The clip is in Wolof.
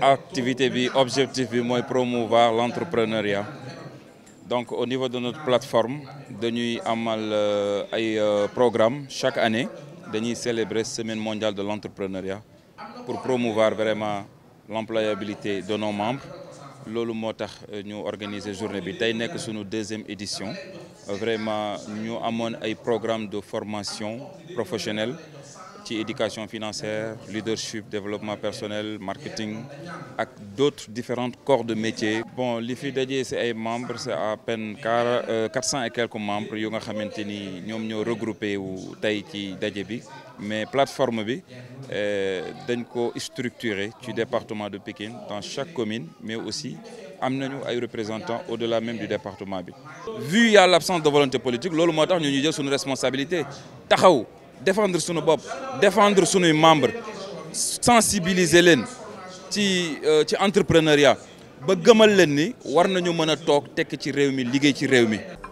activité bi objectif bi mooy promouvoir l'entrepreneuriat donc au niveau de notre plateforme dañuy amal euh, ay euh, programme chaque année dañuy célébrer semaine mondiale de l'entrepreneuriat pour promouvoir vraiment l'employabilité de nos membres loolu moo tax euh, ñu organiser journée bi tey nekk sunu deuxième édition vraiment ñu amoon ay programme de formation professionnelle ci éducation financière leadership développement personnel marketing ak d'autres différentes corps de métier bon li fi dajee ci ay membres c'est à peine euh, quatre cent et quelques membres yu nga xamante ni ñoom ñoo regroupé wu tey ci daje bi mais plateforme bi euh, dañ ko structuré ci département de Pikine dans chaque commune mais aussi am nañu ay représentants au-delà même du département bi vu y a l'absence de volonté politique loolu moo tax ñu ñu jël suñu responsabilité taxaw défendre suñu bopp défendre suñuy membre sensibiliser leen ci euh, ci entrepreneuriat ba gëmal leen ni war nañu mën a toog tekk ci réew mi liggéey ci réew mi